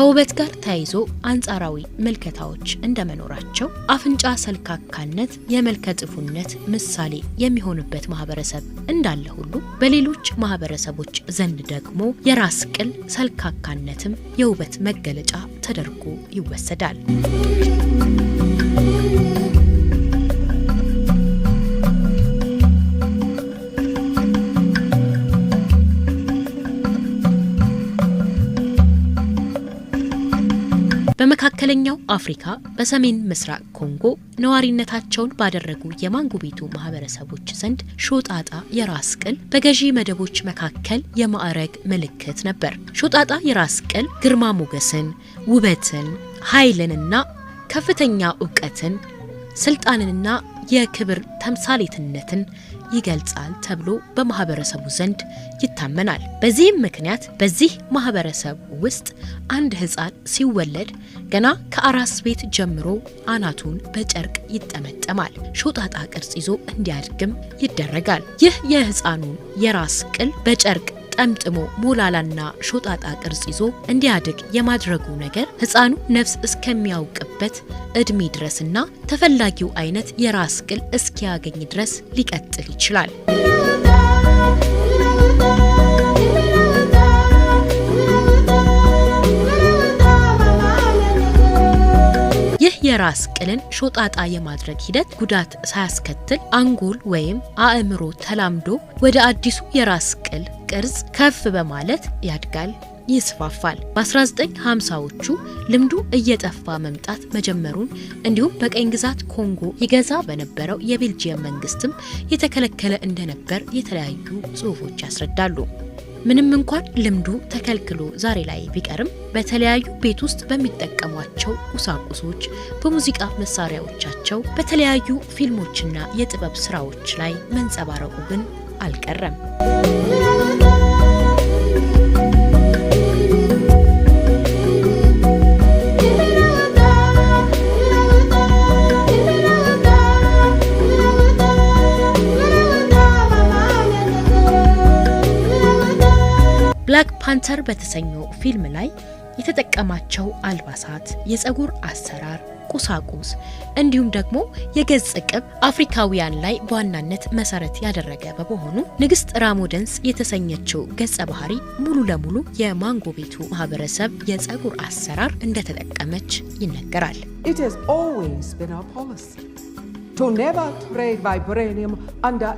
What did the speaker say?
ከውበት ጋር ተያይዞ አንጻራዊ ምልከታዎች እንደመኖራቸው አፍንጫ ሰልካካነት የመልከጥፉነት ምሳሌ የሚሆንበት ማህበረሰብ እንዳለ ሁሉ በሌሎች ማህበረሰቦች ዘንድ ደግሞ የራስ ቅል ሰልካካነትም የውበት መገለጫ ተደርጎ ይወሰዳል። በመካከለኛው አፍሪካ በሰሜን ምስራቅ ኮንጎ ነዋሪነታቸውን ባደረጉ የማንጉቢቱ ማህበረሰቦች ዘንድ ሾጣጣ የራስ ቅል በገዢ መደቦች መካከል የማዕረግ ምልክት ነበር። ሾጣጣ የራስ ቅል ግርማ ሞገስን፣ ውበትን፣ ኃይልንና ከፍተኛ እውቀትን ስልጣንንና የክብር ተምሳሌትነትን ይገልጻል ተብሎ በማህበረሰቡ ዘንድ ይታመናል። በዚህም ምክንያት በዚህ ማህበረሰብ ውስጥ አንድ ሕፃን ሲወለድ ገና ከአራስ ቤት ጀምሮ አናቱን በጨርቅ ይጠመጠማል። ሾጣጣ ቅርጽ ይዞ እንዲያድግም ይደረጋል። ይህ የሕፃኑን የራስ ቅል በጨርቅ ጠምጥሞ ሞላላና ሾጣጣ ቅርጽ ይዞ እንዲያድግ የማድረጉ ነገር ሕፃኑ ነፍስ እስከሚያውቅበት እድሜ ድረስና ተፈላጊው አይነት የራስ ቅል እስኪያገኝ ድረስ ሊቀጥል ይችላል። ይህ የራስ ቅልን ሾጣጣ የማድረግ ሂደት ጉዳት ሳያስከትል አንጎል ወይም አእምሮ ተላምዶ ወደ አዲሱ የራስ ቅል ቅርጽ ከፍ በማለት ያድጋል፣ ይስፋፋል። በ1950ዎቹ ልምዱ እየጠፋ መምጣት መጀመሩን እንዲሁም በቀኝ ግዛት ኮንጎ ይገዛ በነበረው የቤልጂየም መንግስትም የተከለከለ እንደነበር የተለያዩ ጽሑፎች ያስረዳሉ። ምንም እንኳን ልምዱ ተከልክሎ ዛሬ ላይ ቢቀርም በተለያዩ ቤት ውስጥ በሚጠቀሟቸው ቁሳቁሶች፣ በሙዚቃ መሳሪያዎቻቸው፣ በተለያዩ ፊልሞችና የጥበብ ስራዎች ላይ መንጸባረቁ ግን አልቀረም። ብላክ ፓንተር በተሰኘው ፊልም ላይ የተጠቀማቸው አልባሳት፣ የፀጉር አሰራር፣ ቁሳቁስ እንዲሁም ደግሞ የገጽ ቅብ አፍሪካውያን ላይ በዋናነት መሰረት ያደረገ በመሆኑ ንግስት ራሞደንስ የተሰኘችው ገጸ ባህሪ ሙሉ ለሙሉ የማንጎ ቤቱ ማህበረሰብ የፀጉር አሰራር እንደተጠቀመች ይነገራል። to never trade vibranium under